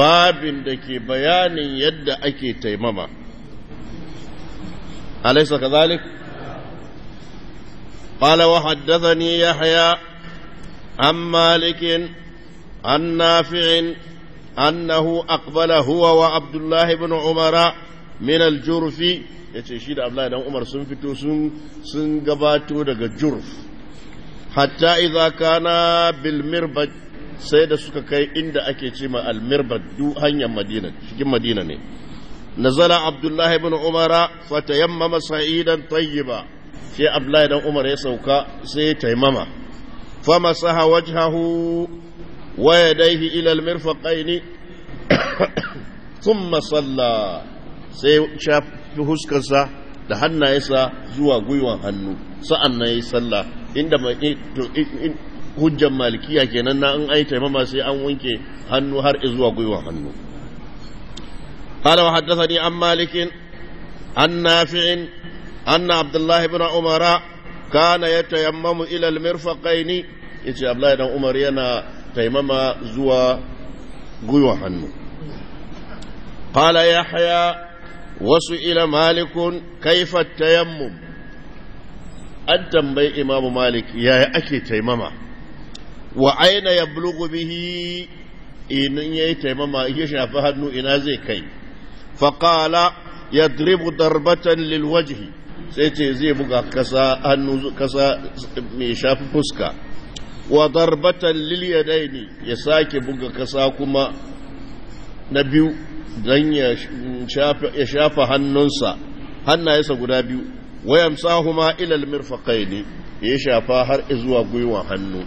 babin da ke bayanin yadda ake taimama alaisa ka zalik ƙala wa haddasa ni ya haya an malikin an nafi'in annahu aqbala huwa wa abdullahi bin umara min al-jurfi yace shi da abdullahi dan umar sun fito sun gabato daga jurf hatta izakana kana bil sai da suka kai inda ake ce ma almirbad du hanyar madina cikin madina ne nazala abdullahi ibn umara fatayammama sa'idan tayyiba sai abdullahi dan umar ya sauka sai ya taimama masaha wajhahu wa yadayhi ila almirfaqaini thumma salla sai ya huskarsa da hannayensa zuwa gwiwan hannu sa'an nan ya salla inda hujjan malikiya kenan na an aita mama sai an wanke hannu har zuwa gwiwa hannu qala wa haddathani an malikin, an nafi' anna abdullah ibn umara kana yatayammamu ila al mirfaqain yace Abdullahi ibn umar yana taimama zuwa gwiwa hannu qala yahya wasu ila malikun kaifa tayammum an tambayi imamu malik yaya ake taimama wa aina ya bulugu bihi in ya yi taimama ya shafi hannu ina zai kai faƙala ya dribu darbatan lilwajihi sai ce zai buga kasa hannu kasa mai shafi fuska wa darbatan lilyadaini ya sake buga kasa kuma na biyu don ya shafa hannunsa hannayensa guda biyu wayan sahuma ilal mirfaƙai ne ya shafa har zuwa gwiwa hannu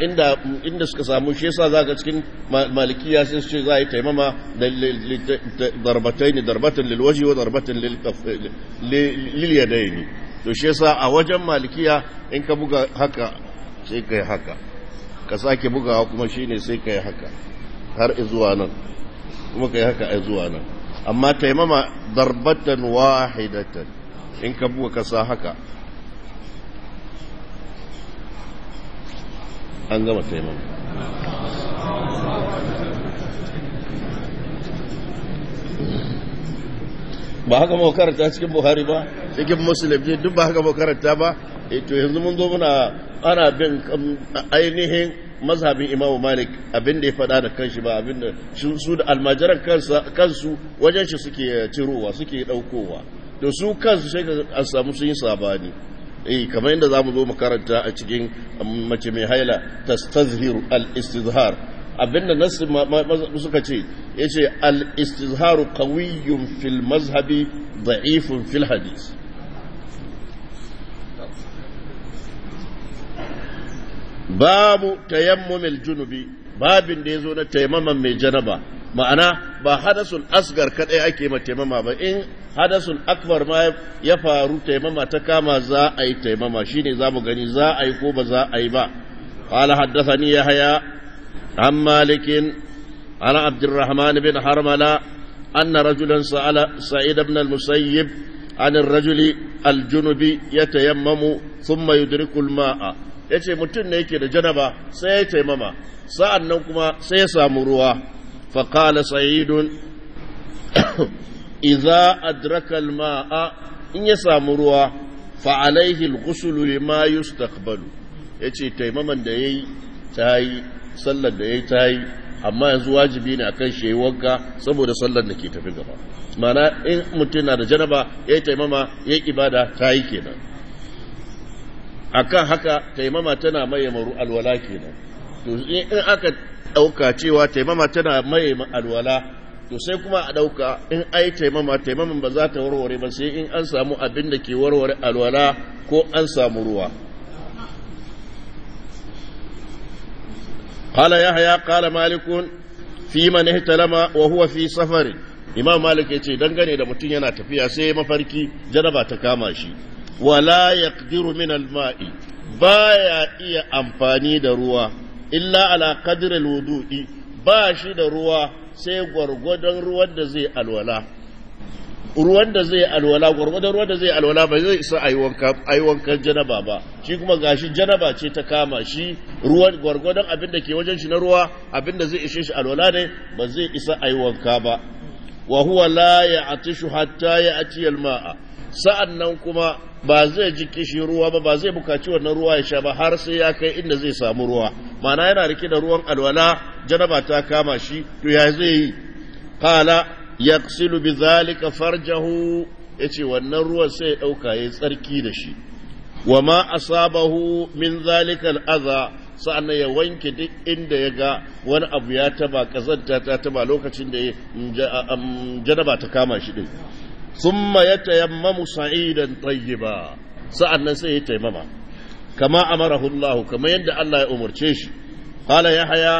inda inda suka samu shi yasa ka cikin malikiya sun ce za a yi taimama da ne darbatan lilwaji wa darbatan lil yadaini to shi yasa a wajen malikiya in ka buga haka sai ka yi haka ka sake bugawa kuma shi ne sai ka yi haka har zuwa nan kuma ka yi haka a zuwa nan amma taimama darbatan wahidatan in ka buga ka sa haka an gama taimama ba haka mawa karanta cikin buhari ba cikin muslim ne duk ba haka mawa karanta ba e, to yanzu mun zo muna ana bin um, ainihin mazhabin Imam malik abinda ya faɗa da kanshi ba abin da su da almajiran kansu wajen shi suke eh, cirowa suke ɗaukowa da su kansu sai ka samu sun yi sabani eh kamar yadda zamu zo mu karanta a cikin um, mace mai haila tastazhiru al-istizhar abinda nasu suka ce yace al-istizharu qawiyyun fil mazhabi da'ifun fil hadith babu tayammumil junubi babin da yazo na tayammaman mai janaba ma'ana ba hadasul asgar kadai ake ma tayammama ba in hadasun akbar ma ya faru taimama ta kama za a yi taimama shi ne za mu gani za a yi ko ba za a yi ba ƙala haddasa ni ya haya an malikin ana Rahman bin harmala an na rajulan sa'ala sa'id ibn al-musayyib an rajuli al-junubi ya tayammamu thumma yudrikul ma'a yace mutum ne yake da janaba sai ya taimama sa'an nan kuma sai ya samu ruwa fa qala sa'idun Iza adraka alma'a in ya samu ruwa fa alaihi alghusl lima yustaqbalu yace taimaman da yayi tayi sallar da yayi tayi amma yanzu wajibi ne akan shi wanka saboda sallar da ke tafi gaba mana in mutum na da janaba yayi taimama yayi ibada tayi kenan akan haka taimama tana maye maru alwala kenan to in aka dauka cewa taimama tana maye alwala to sai kuma a ɗauka in ai taimama taimaman ba za ta warware ba sai in an samu abin da ke warware alwala ko an samu ruwa ya haya kala malikun fi man Talama wa huwa fi safari. imam malik yace dangane da mutum yana tafiya sai mafarki jaraba ta kama shi wala yaqdiru min alma'i baya iya amfani da ruwa illa ala qadri alwudu'i ba shi da ruwa sai gwargwadon ruwan da zai alwala ruwan da zai alwala gwargwadon ruwan da zai alwala ba zai isa a yi janaba ba shi kuma gashi janaba ce ta kama shi ruwan gwargwadon abin da ke wajen shi na ruwa abin da zai ishe shi alwala ne ba zai isa a yi wanka ba wa huwa la ya atishu hatta ya atiyal ma'a sa'an nan kuma ba zai ji kishin ruwa ba ba zai bukaci wannan ruwa ya sha ba har sai ya kai inda zai samu ruwa mana yana rike da ruwan alwala janaba ta kama shi to ya zai yi silu bi zalika farjahu ce wannan ruwan sai ya ɗauka ya tsarki da shi wa wama asabahu min zalika al'aza sa'annan ya wanke duk inda ya ga wani abu ya taba kazanta ta taba lokacin da mm, mm, janaba ta kama shi din thumma yatayammamu sa'idan tayyiba sa'annan sai ya taimama kama amarahu Allah kamar yadda Allah ya umarce shi ya haya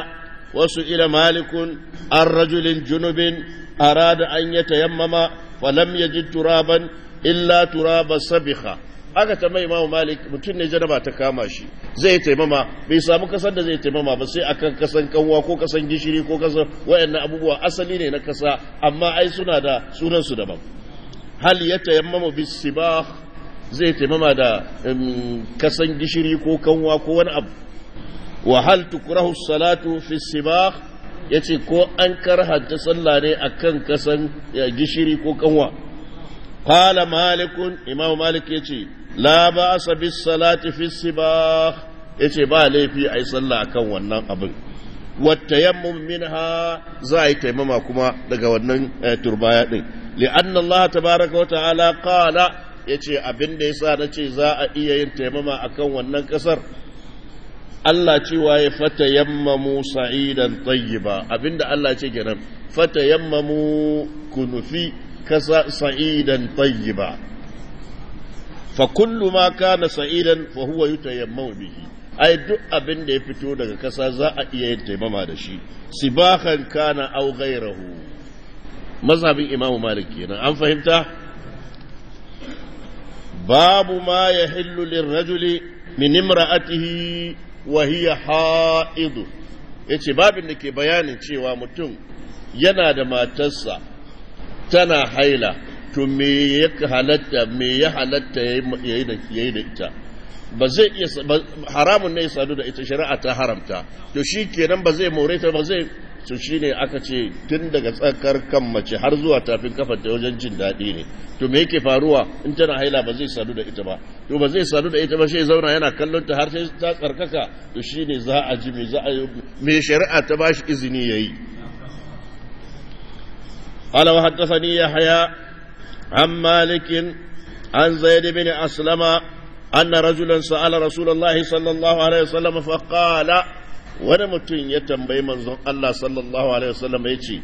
wasu ila malikun an rajulin junubin arada an yatayammama falam ji turaban illa turaba sabikha aka ta imamu malik mutum ne janaba ta kama shi zai taimama bai samu kasar da zai taimama ba sai akan kasan kanwa ko kasan gishiri ko kasan wayannan abubuwa asali ne na kasa amma ai suna da sunansu daban hal ya tayammamu bis sibah zai taimama da kasan gishiri ko kanwa ko wani abu wa hal tukrahu salatu fi sibah yace ko an karhanta sallah ne akan kasan gishiri ko kanwa qala malikun Imam malik yace la ba'sa bis salati fi sibah yace ba laifi ai sallah akan wannan abin wata yammun minha za a yi taimama kuma daga wannan eh, turbaya din li'an Allah tabaraka wa ta'ala qala yace abin da yasa nace za a iya yin taimama akan wannan kasar Allah cewa ya fata yammamu sa'idan tayyiba abinda Allah ce kenan fata yammamu kunufi kasa sa'idan tayyiba fa kullu ma kana sa'idan fa huwa yutayammamu bihi ai duk abinda ya fito daga kasa za a iya yin taimama da shi sibahan kana aw rahu mazhabin imamu malik kenan an fahimta babu ma ya hillu lirrajuli min imra'atihi wa hiya ha'idu yace babin da ke bayanin cewa mutum yana da matarsa tana haila to me ya halatta me ya halatta yayi da yayi da ita ba zai iya haramun ne ya sadu da ita shari'a ta haramta to shi kenan ba zai more ba zai to shi ne aka ce tun daga tsakar kan mace har zuwa tafin kafar ta wajen jin daɗi ne to me yake faruwa in tana haila ba zai sadu da ita ba to ba zai sadu da ita ba shi zauna yana kallon ta har sai ta tsarkaka to shi ne za a ji me za a me shari'a ta bashi izini yayi قال وحدثني يحيى عن مالك عن زيد بن أسلم أن رجلا سأل رسول الله صلى الله عليه وسلم فقال wani mutum ya tambayi manzon Allah sallallahu alaihi wasallam ya ce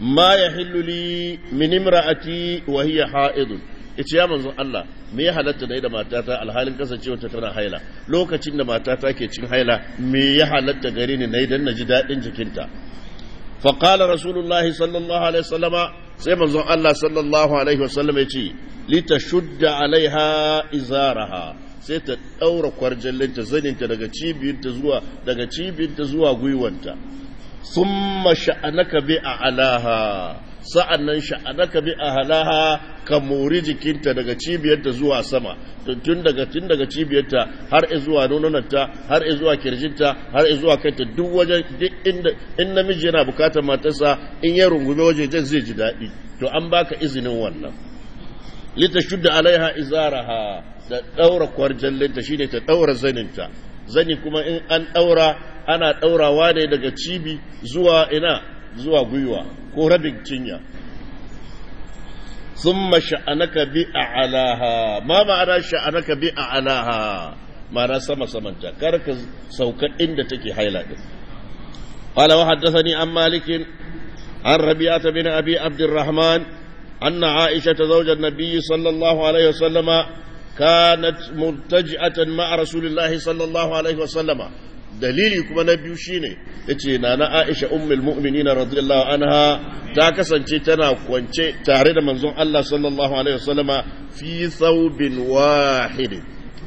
ma ya hilluli min imra'ati wa hiya ha'idun yace ya manzon Allah me ya halatta da da matata alhalin kasancewa tana haila lokacin da matata ke cin haila me ya halatta gare ni na nayi dan ji daɗin jikinta fa qala rasulullah sallallahu alaihi wasallama sai manzon Allah sallallahu alaihi wasallam yace litashudda alaiha izaraha sai ta ɗaura kwarjallinta zaninta daga cibiyinta zuwa daga cibiyinta zuwa gwiwanta summa sha'anaka bi a a'laha sa'annan sha'anaka bi a halaha ka mori jikinta daga cibiyarta zuwa sama tun daga tun daga cibiyarta har zuwa nononta har zuwa kirjinta har zuwa kanta duk wajen duk inda in namiji yana bukatar matarsa in ya rungume waje zai ji daɗi to an baka izinin wannan lita shudda alaiha izaraha da daura kwarjan linta shine ta daura zaninta zani kuma in an daura ana wa ne daga cibi zuwa ina zuwa gwiwa ko rabin cinya sun sha'anaka bi a alaha ma ma'ana sha'anaka bi a alaha ma'ana sama samanta karka sauka inda take haila din قال وحدثني عن An عن ربيعة بن أبي عبد الرحمن أن عائشة زوج النبي صلى الله عليه وسلم كانت مرتجئة مع رسول الله صلى الله عليه وسلم dalili kuma na biyu shine yace nana Aisha ummul mu'minina radiyallahu anha ta kasance tana kwance tare da manzon Allah sallallahu alaihi wasallama fi thawbin wahid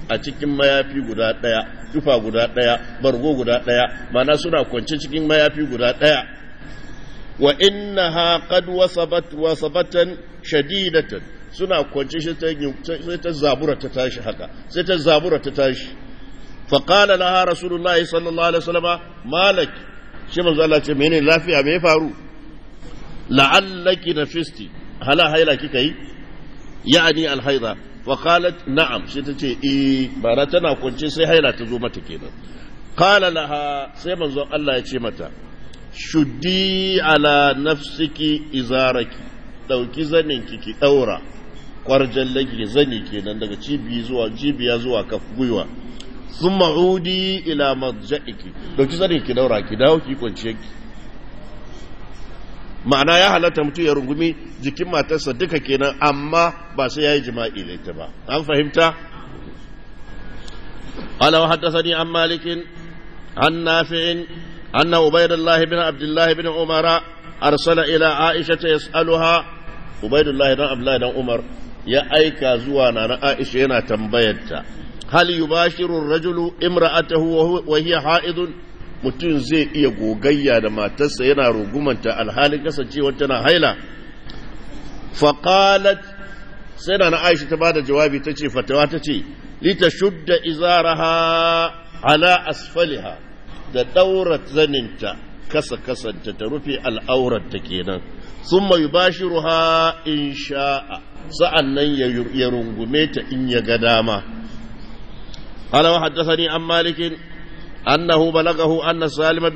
a cikin mayafi guda daya tufa guda daya bargo guda daya mana suna kwance cikin mayafi guda daya wa innaha qad wasabat wasabatan suna kwance sai ta zabura ta tashi haka sai ta zabura ta tashi fa qala laha rasulullahi sallallahu alaihi wasallam malak shi manzo Allah ce menene lafiya me faru la'allaki nafisti hala haila kika yi ya'ani alhaida wa na'am sai ta ce eh, tana sai mata kenan sai manzon Allah ya ce mata shuddi ala nafsiki izaraki ɗauki zaninki ki ɗaura kwarjallaki zani kenan daga cibiya zuwa kafin zuwa gwiwa sun ma'udi ila maja'iki ɗauki zaninki ki ɗaura ki dawo ki kwanciyar ki ma'ana ya halatta mutum ya rungumi jikin matarsa duka kenan amma ba sai ya yi jima'i da ita ba an fahimta قال وحدثني عن مالك عن نافع أن عبيد الله بن عبد الله بن عمر أرسل إلى عائشة يسألها عبيد الله بن عبد الله بن عمر يا أيكا زوانا عائشة هنا تنبيتا هل يباشر الرجل امرأته وهي حائض mutum zai iya gogayya da matarsa yana rugumanta alhalin kasancewar tana haila faƙalat sai na aisha ta bada jawabi ta ce fatawa ta ce lita shudda izaraha ala asfaliha da ɗaura zaninta kasa kasanta ta rufe al'aurarta kenan sun mai bashi ruha in sha'a sa'an nan ya rungume ta in ya ga dama alawa haddasa ni an malikin annahu balagahu anna salima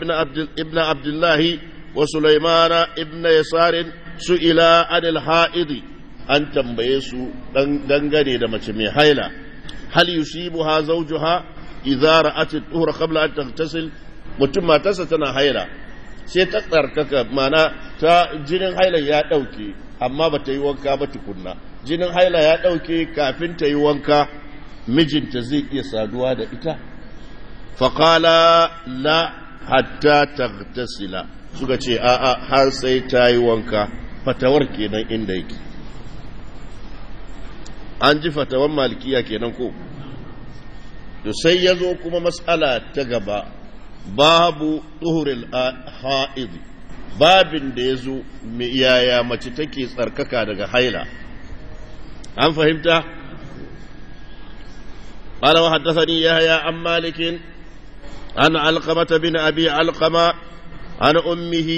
ibn abdullahi wa sulaimana ibn yasarin su ila anil ha'idi an tambaye su dangane da mace mai haila hal yusibuha zawjuha idza ra'at tuhra qabla an taghtasil mutum matarsa tana haila sai ta tsarkaka mana ta jinin haila ya dauke amma ba ta yi wanka ba tukunna jinin haila ya dauke kafin ta yi wanka mijinta zai iya saduwa da ita faqala la hatta taghtasila suka ce a'a har sai ta yi wanka fatawar kenan inda yake an ji fatawan malikiya kenan ko to sai ya zo kuma matsala ta gaba babu tsuhurin ha'id babin da ya zo yaya mace take tsarkaka daga haila an fahimta قال وحدثني يحيى عن مالك عن علقمة بن أبي علقمة عن أمه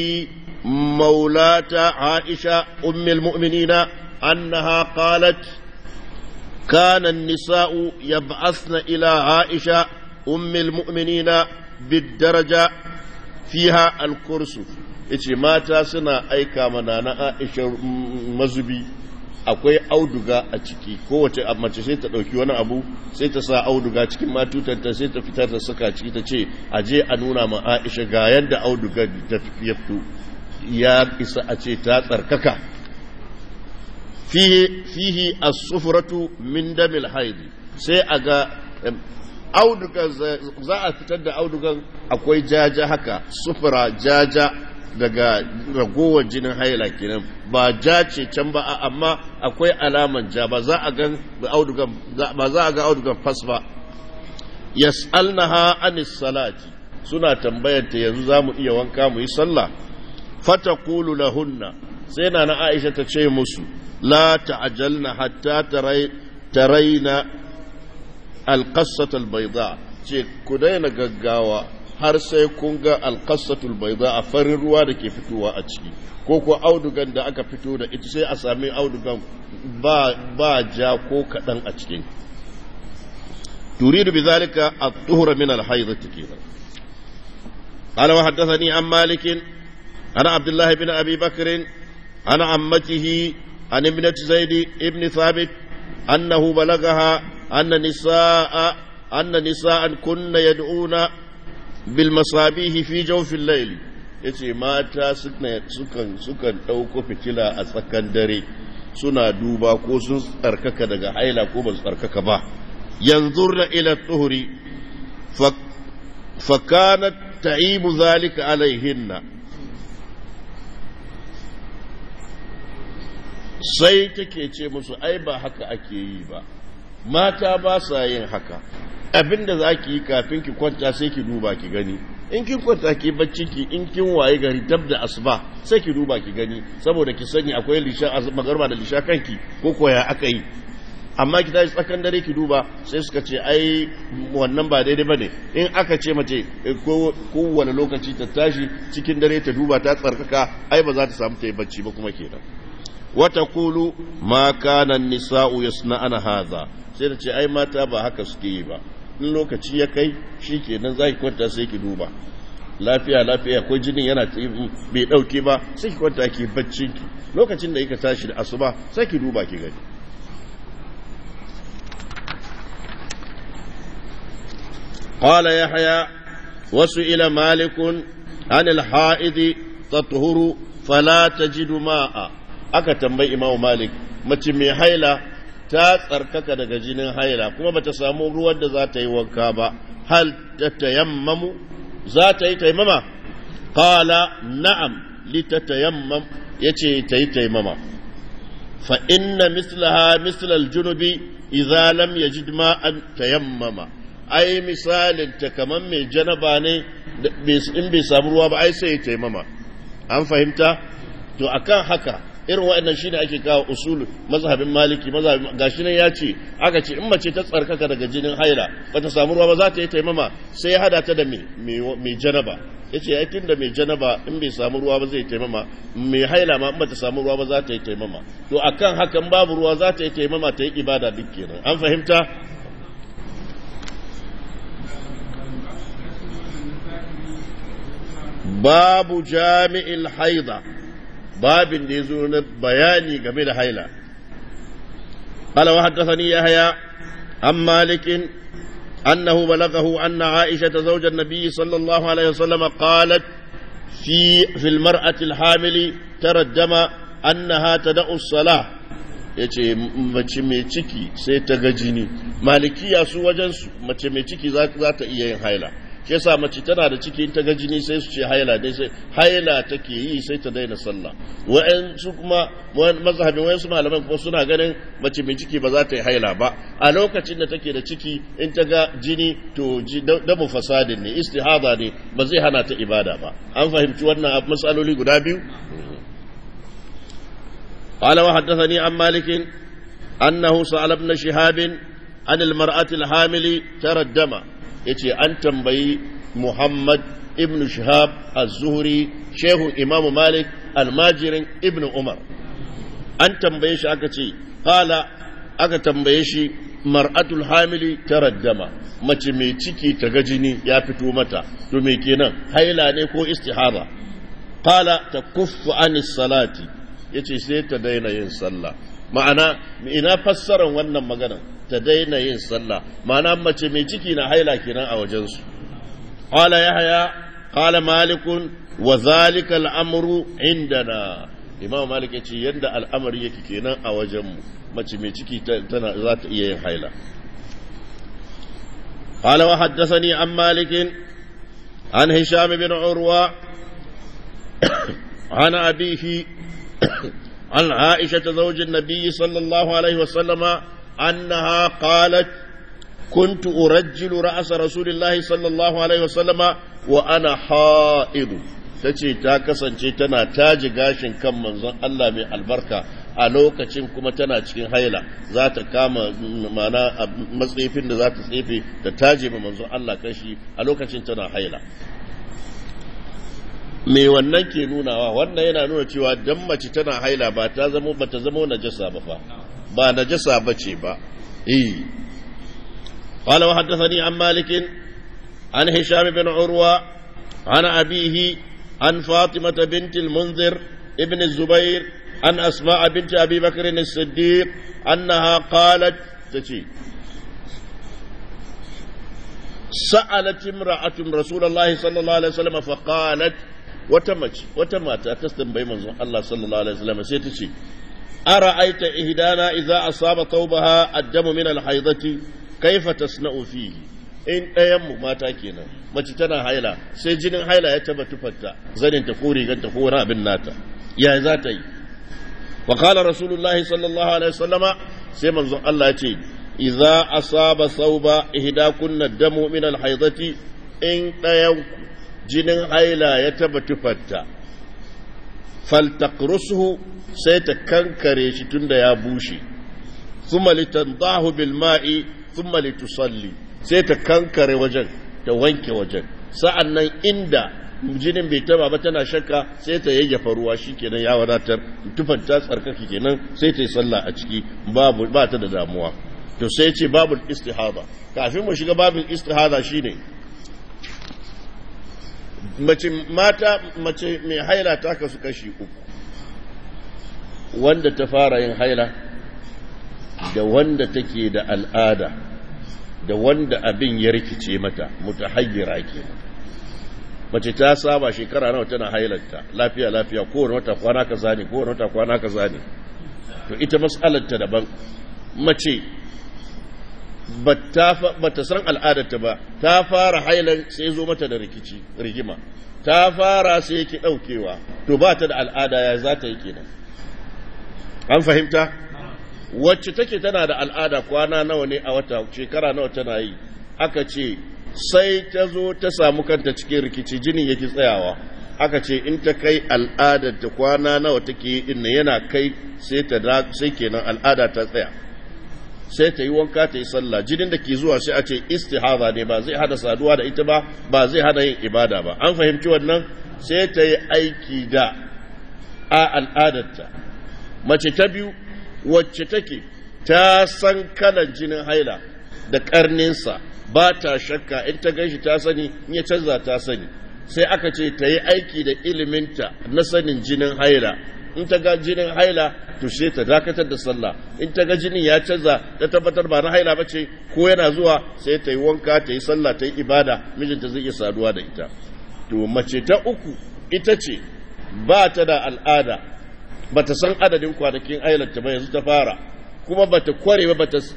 مولاة عائشة أم المؤمنين أنها قالت كان النساء يبعثن إلى عائشة أم المؤمنين بالدرجة فيها الكرسي yace mata suna aika mana Aisha mazubi akwai auduga a ciki kowace mace sai ta ɗauki wani abu sai ta sa auduga cikin matutanta sai ta fitar da saka ciki ta ce a je a nuna ma Aisha ga yadda auduga ta fito ya isa a ce ta tsarkaka fihi as-sufratu min damil haidi sai a ga audugan za a fitar da audugan akwai jaja haka sufura jaja daga ragowar jinin haila kenan ba ja ce can ba amma akwai alaman ja ba za a gan audugan ba za a ga audugan fas ba yas'alnaha anis salati suna tambayar ta yanzu za mu iya wanka mu yi sallah fata kulu lahunna sai na na aisha ta ce musu la تعجلنا hatta taraina القصة البيضاء ce ku daina gaggawa har sai kun ga alqassatul bayda a farin ruwa da ke fitowa a ciki ko kuwa audugan da aka fito da ita sai a sami audugan ba ja ko kaɗan a cikin turidu a zalika at-tuhra min al-haydati ana قال وحدثني عن an malikin ana الله بن abi بكر ana ammatihi عن ابنة زيد ابن ثابت balagaha, بلغها أن نساء أن نساء كن يدعون بالمصابيح في جوف الليل yace mata sukan ɗauko fitila a tsakan dare suna duba ko sun tsarkaka daga haila ko ba tsarkaka ba yanzu na ila tuhuri fakanat ta'ibu zalika alaihinna sai take ce musu ai ba haka ake yi ba mata ba sa yin haka abinda za ki yi kafin ki kwanta sai ki duba ki gani in kin kwanta ki bacci ki in kin waye gari dab da asuba sai ki duba ki gani saboda ki sani akwai lishan magarba da lishan kanki ko koya aka yi amma ki tashi tsakan dare ki duba sai suka ce ai wannan ba daidai bane in aka ce mace eh, ko kowane lokaci ta tashi cikin dare ta duba ta tsarkaka ai ba za ta samu ta yi bacci ba kuma kenan watakulu Kulu ma kana nisau yasna'ana hadha sai ta ce ai mata ba haka suke yi ba in lokaci ya kai shikenan zai kwanta sai ki duba lafiya lafiya ko jinin yana bai dauke ba sai ki kwanta ki bacci lokacin da kika tashi da asuba sai ki duba ki gani yahya wasu ila malikun anil ha'idi tatuhuru fala tajidu ma'a. aka tambayi imamu malik mace mai haila ta tsarkaka daga jinin haila kuma bata samu ruwan da za ta yi wanka ba hal ta tayammamu za ta yi taimama qala na'am li ta tayammam yace ta yi taimama fa inna mislaha misla al-junubi idza lam yajid an tayammama ai misalin ta kaman mai janaba ne in bai samu ruwa ba ai sai ya taimama an fahimta to akan haka irin wa'annan ne ake kawo usul mazhabin maliki mazhabin gashi nan ya ce aka ce in mace ta tsarkaka daga jinin haila bata samu ruwa ba za ta yi taimama sai ya hada ta da mai janaba yace ya tunda mai janaba in bai samu ruwa ba zai taimama mai haila ma in bata samu ruwa ba za ta yi taimama to akan hakan babu ruwa za ta yi taimama ta yi ibada duk kenan an fahimta babu jami'il haida babin da ya zo na bayani game da haila قال وحدثني يحيى عن مالك أنه بلغه أن عائشة زوج النبي صلى الله عليه وسلم قالت في في المرأة الحامل ترجم أنها تدع الصلاة yace mace mai ciki sai ta ga jini malikiya su wajensu, mace mai ciki za ta iya yin haila shi yasa mace tana da ciki ta ga jini sai su ce haila dai sai haila take yi sai ta daina sallah wa'ansu kuma mazhabin wa'ansu malaman kuma suna ganin mace mai ciki ba za ta yi haila ba a lokacin da take da ciki in ta ga jini to damu fasadin ne istihada ne ba zai hana ta ibada ba an fahimci wannan a matsaloli guda biyu قال وحدثني عن مالك أنه سأل ابن شهاب عن المرأة الحامل ترى الدم yace an tambayi Muhammad ibn Shihab az-Zuhri shehu Imam Malik almajirin ibn Umar an tambaye shi aka ce hala aka tambaye shi mar'atul hamili ta raddama mace mai ciki ta ga jini ya fito mata to me kenan haila ne ko istihaba qala kuffu anis salati yace sai ta daina yin sallah ma'ana ina fassaran wannan magana ta daina yin sallah ma'ana mace mai ciki na haila kenan a wajensu ya haya, qala malikun wa zalika al'amru indana imam malik ya ce yadda al'amari yake kenan a wajenmu mace mai ciki tana za ta iya yin haila قال وحدثني عن مالك عن هشام بن عروة an أبيه عن عائشة زوج النبي صلى الله عليه وسلم أنها قالت كنت أرجل رأس رسول الله صلى الله عليه وسلم وأنا حائض تتي تاكسا تنا تاج قاشن كم من الله من البركة a lokacin kuma tana cikin haila za ta kama mana a matsifin da za ta tsefe ta taje ma manzo Allah kashi a lokacin tana haila me wannan ke nunawa wannan yana nuna cewa dan mace tana haila ba ta zama ba ta zama najasa ba fa ba najasa bace ba eh قال وحدثني عن مالك عن هشام بن عروة عن أبيه عن فاطمة بنت المنذر ابن الزبير عن أسماء بنت أبي بكر الصديق أنها قالت تشي سألت امرأة رسول الله صلى الله عليه وسلم فقالت وتمت وتمات تستنبي من الله صلى الله عليه وسلم سيتشي أرأيت إهدانا إذا أصاب ثوبها الدم من الحيضة كيف تصنع فيه in ɗayanmu mata kenan mace tana haila sai jinin haila ya taba tufarta zanin ta ko rigar ta ko abin nata ya za ta yi wa qala rasulullahi sallallahu alaihi wasallama sai manzon Allah ya ce idza saba sauba ihdakunna damu alhaidati in ɗayan jinin haila ya taba faltaqrusuhu sai ta kankare shi tunda ya bushe ثم لتصلي bil ma'i thumma وجن sai ta kankare wajen ta wanke wajen sa'annan inda jinin bai taba ba tana shakka sai ta yayyafa ruwa shikenan ya wadatar tufan ta tsarkake kenan sai ta yi sallah a ciki babu ba ta da damuwa to sai ce babul istihada kafin mu shiga babul istihada shine mace mata mace mai haila ta kasu kashi uku wanda ta fara yin haila da wanda take da al'ada da wanda abin ya rikice mata mutahayyira ke mace ta saba shekara nawa tana hailanta lafiya lafiya kowane wata kwana kaza ne kowane wata kwana kaza ne to ita matsalarta daban mace Ba ta san al'adarta ba ta fara hailan sai zo mata da rikici rigima ta fara sai yake ɗaukewa to ba ta da al'ada ya za ta yi kenan an fahimta wacce take tana da al'ada kwana nawa ne a wata shekara nawa tana yi aka ce sai ta zo ta samu kanta cikin rikici jinin yake tsayawa aka ce in ta kai al'adar ta kwana nawa take yi din yana kai sai sai kenan al'ada ta tsaya sai ta yi wanka ta yi sallah jinin da ke zuwa sai a ce istihaza ne ba zai hada saduwa da ita ba ba zai hada yin ibada ba an fahimci wannan sai ta yi aiki da a al'adarta mace ta biyu wacce take ta san kalan jinin haila da karninsa ba ta shakka in ta gaishi ta sani in ya canza ta sani sai aka ce ta yi aiki da iliminta na sanin jinin haila in ta ga jinin haila to sai ta dakatar da sallah in ta ga jinin ya canza ta tabbatar ba na haila ba ce ko yana zuwa sai ta yi wanka ta yi sallah ta yi ibada mijinta zai iya saduwa da ita to mace ta uku ita ce ba ta da al'ada ba ta san adadin kwanakin ta ba yanzu ta fara kuma ba ta kware ba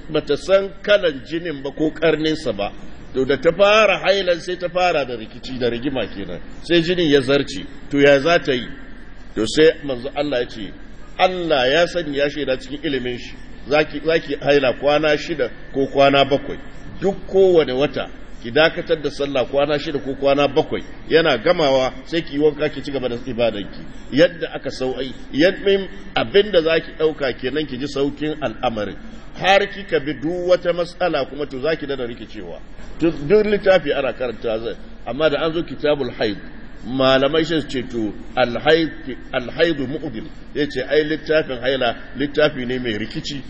ba ta san kalan jinin ba ko karninsa ba to da ta fara hailan sai ta fara da rikici da rigima kenan sai jinin ya zarce to ya za ta yi to sai manzo Allah ya ce Allah ya sani ya shaida cikin ilimin shi zaki zaki haila kwana shida ko kwana bakwai duk kowane wata ki dakatar da sallah kwana shida ko kwana bakwai yana gamawa sai ki wanka ki ci gaba da ibadanki yadda aka sau'ai yadda da zaki dauka kenan ki ji saukin al'amarin har kika bi duk wata matsala kuma to zaki da rikicewa duk littafi ana karanta zai amma da an zo kitabul haid malamai shi ce to alhaidu mu'udin ya ce ai littafin haila littafi ne mai rikici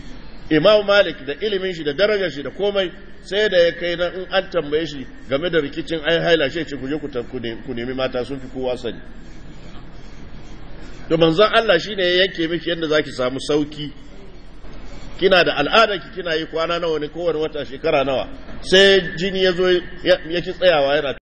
imam malik da ilimin shi da darajar shi da komai sai da ya kai na in an tambaye shi game da rikicin ai haila shi ce kuje ku nemi mata sun fi kowa sani to manzon Allah shine ya yanke miki yadda za ki samu sauki kina da al'ada ki kina yi kwana nawa ne kowane wata shekara nawa sai jini ya zo ya tsayawa yana